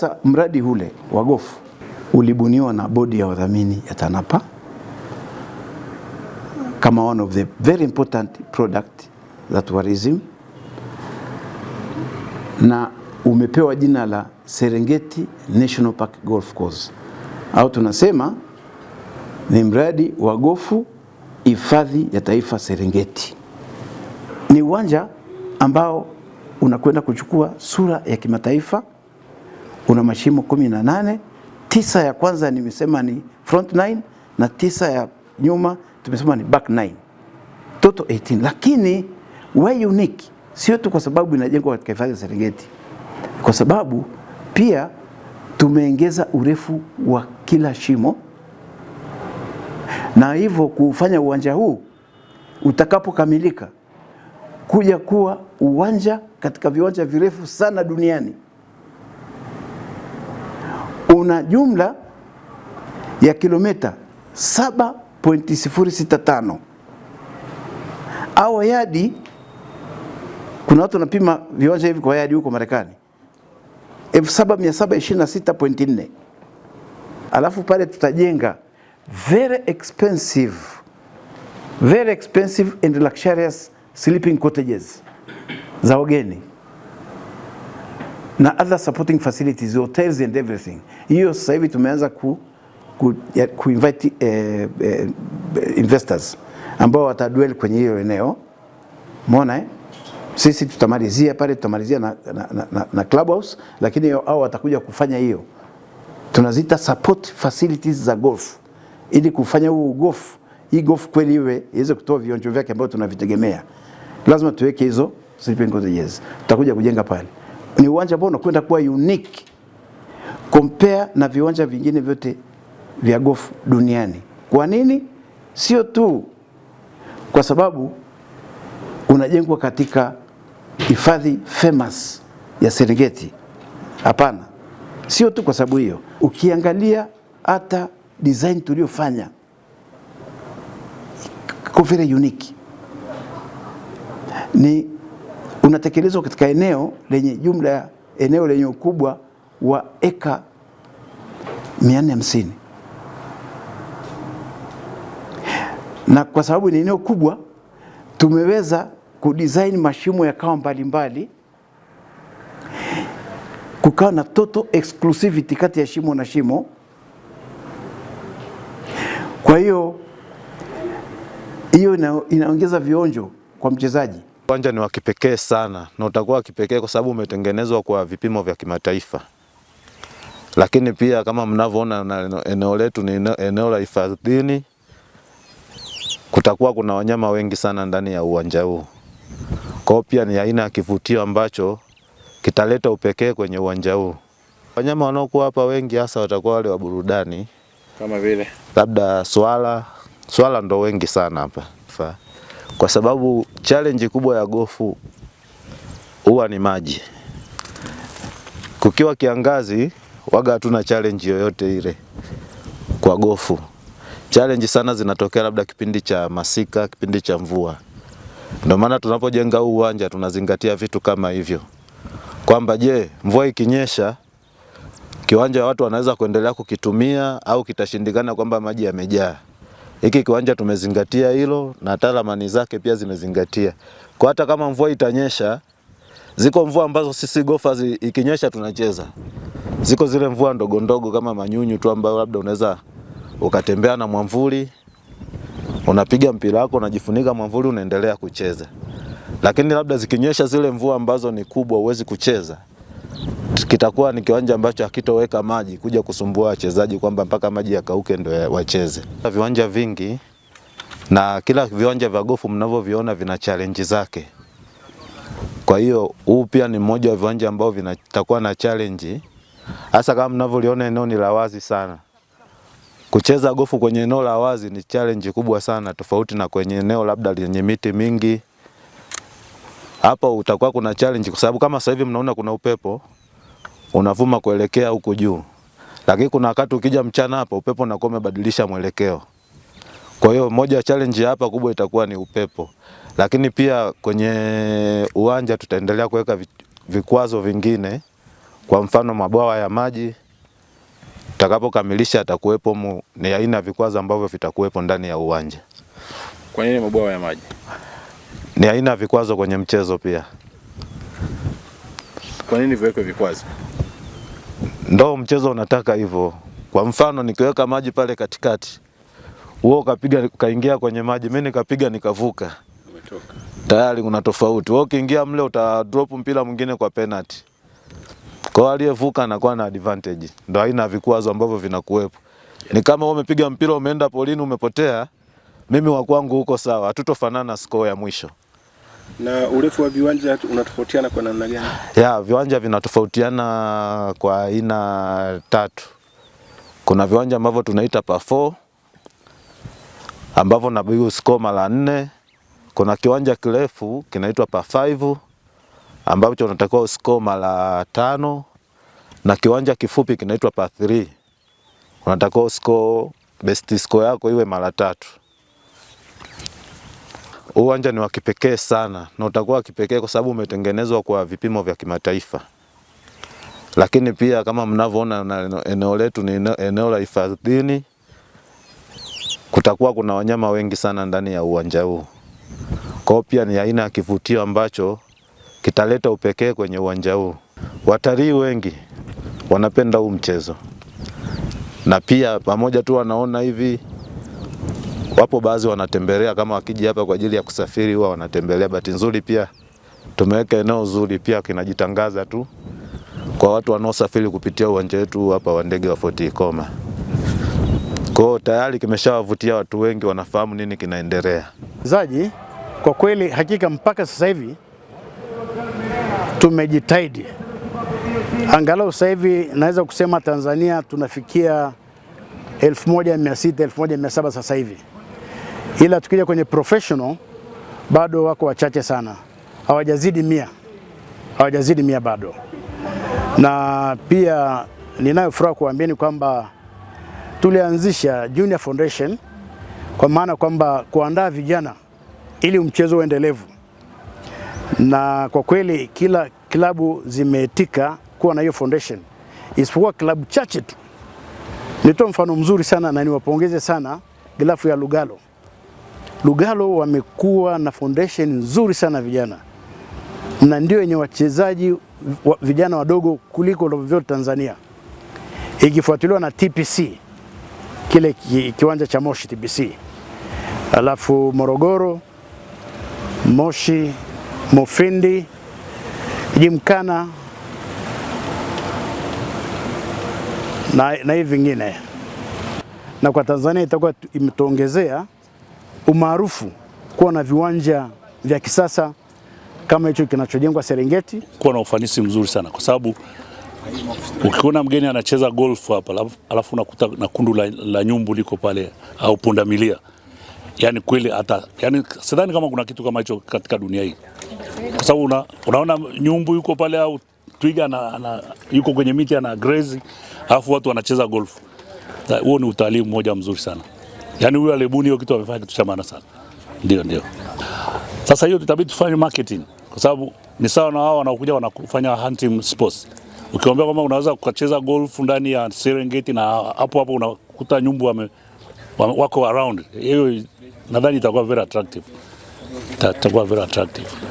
Sasa mradi ule wa gofu ulibuniwa na bodi ya wadhamini ya TANAPA kama one of the very important product za tourism, na umepewa jina la Serengeti National Park Golf Course, au tunasema ni mradi wa gofu hifadhi ya taifa Serengeti. Ni uwanja ambao unakwenda kuchukua sura ya kimataifa una mashimo kumi na nane. Tisa ya kwanza nimesema ni front nine na tisa ya nyuma tumesema ni back nine, total 18. Lakini we unique sio tu kwa sababu inajengwa katika hifadhi ya Serengeti, kwa sababu pia tumeongeza urefu wa kila shimo na hivyo kufanya uwanja huu utakapokamilika kuja kuwa uwanja katika viwanja virefu sana duniani una jumla ya kilomita 7.065 au yadi. Kuna watu wanapima viwanja hivi kwa yadi huko Marekani 7726.4. Alafu pale tutajenga very expensive, very expensive and luxurious sleeping cottages za wageni na other supporting facilities hotels and everything hiyo sasa hivi tumeanza ku, ku, ku invite, eh, eh, investors ambao watadwell kwenye hiyo eneo umeona eh? Sisi tutamalizia pale, tutamalizia na, na, na, na clubhouse, lakini au watakuja kufanya hiyo, tunazita support facilities za golf, ili kufanya huu golf hii golf kweli iwe iweze kutoa vionjo vyake ambayo tunavitegemea, lazima tuweke hizo sleeping cottages, tutakuja kujenga pale. Ni uwanja ambao unakwenda kuwa unique compare na viwanja vingine vyote vya gofu duniani. Kwa nini? Sio tu kwa sababu unajengwa katika hifadhi famous ya Serengeti. Hapana, sio tu kwa sababu hiyo. Ukiangalia hata design tuliyofanya iko very unique, ni unatekelezwa katika eneo lenye jumla, ya eneo lenye ukubwa wa eka 450 na kwa sababu ni eneo kubwa, tumeweza kudesign mashimo yakawa mbalimbali, kukawa na total exclusivity kati ya shimo na shimo. Kwa hiyo hiyo ina, inaongeza vionjo kwa mchezaji. Uwanja ni wa kipekee sana na utakuwa wa kipekee kwa sababu umetengenezwa kwa vipimo vya kimataifa. Lakini pia kama mnavyoona na eneo letu ni eneo la hifadhini, kutakuwa kuna wanyama wengi sana ndani ya uwanja huu. Kwa pia ni aina ya kivutio ambacho kitaleta upekee kwenye uwanja huu. Wanyama wanaokuwa hapa wengi hasa watakuwa wale wa burudani kama vile labda swala. Swala ndo wengi sana hapa, kwa sababu challenge kubwa ya gofu huwa ni maji. Kukiwa kiangazi waga hatuna challenge yoyote ile kwa gofu. Challenge sana zinatokea labda kipindi cha masika, kipindi cha mvua. Ndio maana tunapojenga huu uwanja tunazingatia vitu kama hivyo kwamba je, mvua ikinyesha kiwanja watu wanaweza kuendelea kukitumia au kitashindikana kwamba maji yamejaa. Hiki kiwanja tumezingatia hilo na talamani zake pia zimezingatia. Kwa hata kama mvua itanyesha, ziko mvua ambazo sisi gofa ikinyesha tunacheza. Ziko zile mvua ndogo ndogo kama manyunyu tu ambayo labda unaweza ukatembea na mwamvuli unapiga mpira wako unajifunika mwamvuli unaendelea kucheza. Lakini labda zikinyesha zile mvua ambazo ni kubwa huwezi kucheza, kitakuwa ni kiwanja ambacho hakitoweka maji kuja kusumbua wachezaji kwamba mpaka maji yakauke ndio wacheze. Viwanja vingi na kila viwanja vya gofu mnavyoviona vina challenge zake. Kwa hiyo huu pia ni mmoja wa viwanja ambao vinatakuwa na challenge. Hasa kama mnavyoliona eneo ni la wazi sana. Kucheza gofu kwenye eneo la wazi ni challenge kubwa sana, tofauti na kwenye eneo labda lenye miti mingi. Hapa utakuwa kuna challenge kwa sababu kama sasa hivi mnaona kuna upepo unavuma kuelekea huko juu, lakini kuna wakati ukija mchana hapa upepo unakuwa umebadilisha mwelekeo. Kwa hiyo moja ya challenge hapa kubwa itakuwa ni upepo, lakini pia kwenye uwanja tutaendelea kuweka vikwazo vingine kwa mfano mabwawa ya maji takapokamilisha atakuwepo ni aina ya vikwazo ambavyo vitakuwepo ndani ya uwanja. Kwa nini mabwawa ya maji? Ni aina ya vikwazo kwenye mchezo pia. Kwa nini viwekwe vikwazo? Ndo mchezo unataka hivyo. Kwa mfano nikiweka maji pale katikati, wewe ukapiga ukaingia kwenye maji, mimi nikapiga nikavuka, umetoka tayari, kuna tofauti. Wewe ukiingia mle uta drop mpira mwingine kwa penalty. Kwa hiyo aliyevuka anakuwa na advantage. Ndio aina ya vikwazo ambavyo vinakuwepo. Ni kama wewe umepiga mpira umeenda polini umepotea, mimi wa kwangu huko sawa, hatutofanana score ya mwisho. Na urefu wa viwanja unatofautiana kwa namna gani? Ya, viwanja vinatofautiana kwa aina tatu. Kuna viwanja ambavyo tunaita pa 4 ambavyo na score mara nne. Kuna kiwanja kirefu kinaitwa pa 5 ambacho unatakiwa score mara tano na kiwanja kifupi kinaitwa pa 3 unatakiwa score best score yako iwe mara tatu. Uwanja ni wa kipekee sana na utakuwa kipekee kwa sababu umetengenezwa kwa vipimo vya kimataifa, lakini pia kama mnavyoona eneo letu ni eneo la hifadhini. Kutakuwa kuna wanyama wengi sana ndani ya uwanja huu, kwa hiyo pia ni aina ya kivutio ambacho kitaleta upekee kwenye uwanja huu. Watalii wengi wanapenda huu mchezo, na pia pamoja tu wanaona hivi, wapo baadhi wanatembelea, kama wakija hapa kwa ajili ya kusafiri huwa wanatembelea. Bahati nzuri pia tumeweka eneo zuri, pia kinajitangaza tu kwa watu wanaosafiri kupitia uwanja wetu hapa wa ndege wa Fort Ikoma. Kwa tayari kimeshawavutia watu wengi, wanafahamu nini kinaendelea. Mchezaji kwa kweli, hakika mpaka sasa hivi tumejitahidi angalau sasa hivi naweza kusema Tanzania tunafikia 1600 1700 sasa hivi, ila tukija kwenye professional bado wako wachache sana, hawajazidi mia, hawajazidi mia bado. Na pia ninayo furaha kuambieni kwamba tulianzisha Junior Foundation kwa maana kwamba kuandaa vijana ili mchezo uendelevu na kwa kweli kila klabu zimetika kuwa na hiyo foundation, isipokuwa klabu chache tu. Nitoa mfano mzuri sana na niwapongeze sana Glafu ya Lugalo. Lugalo wamekuwa na foundation nzuri sana vijana, na ndio yenye wachezaji vijana wadogo kuliko vyote Tanzania, ikifuatiliwa na TPC kile ki, kiwanja cha Moshi TPC, alafu Morogoro, Moshi Mufindi Jimkana na, na hivi vingine, na kwa Tanzania itakuwa imetuongezea umaarufu kuwa na viwanja vya kisasa kama hicho kinachojengwa Serengeti, kuwa na ufanisi mzuri sana, kwa sababu ukiona mgeni anacheza golf hapa alafu unakuta na kundu la, la nyumbu liko pale au pundamilia, yani kweli hata yani sidhani kama kuna kitu kama hicho katika dunia hii kwa sababu una, unaona nyumbu yuko pale au twiga na, na, yuko kwenye miti ana grazi alafu watu wanacheza golf. Huo ni utalii mmoja mzuri sana. Yaani huyo alebuni hiyo kitu amefanya kitu cha maana sana. Ndio, ndio. Sasa hiyo tutabidi tufanye marketing kwa sababu ni sawa na wao wanaokuja wanafanya hunting sports. Ukiwaambia kwamba unaweza kucheza golf ndani ya Serengeti na hapo hapo unakuta nyumbu wame, wako around, hiyo nadhani itakuwa very attractive. Itakuwa very attractive.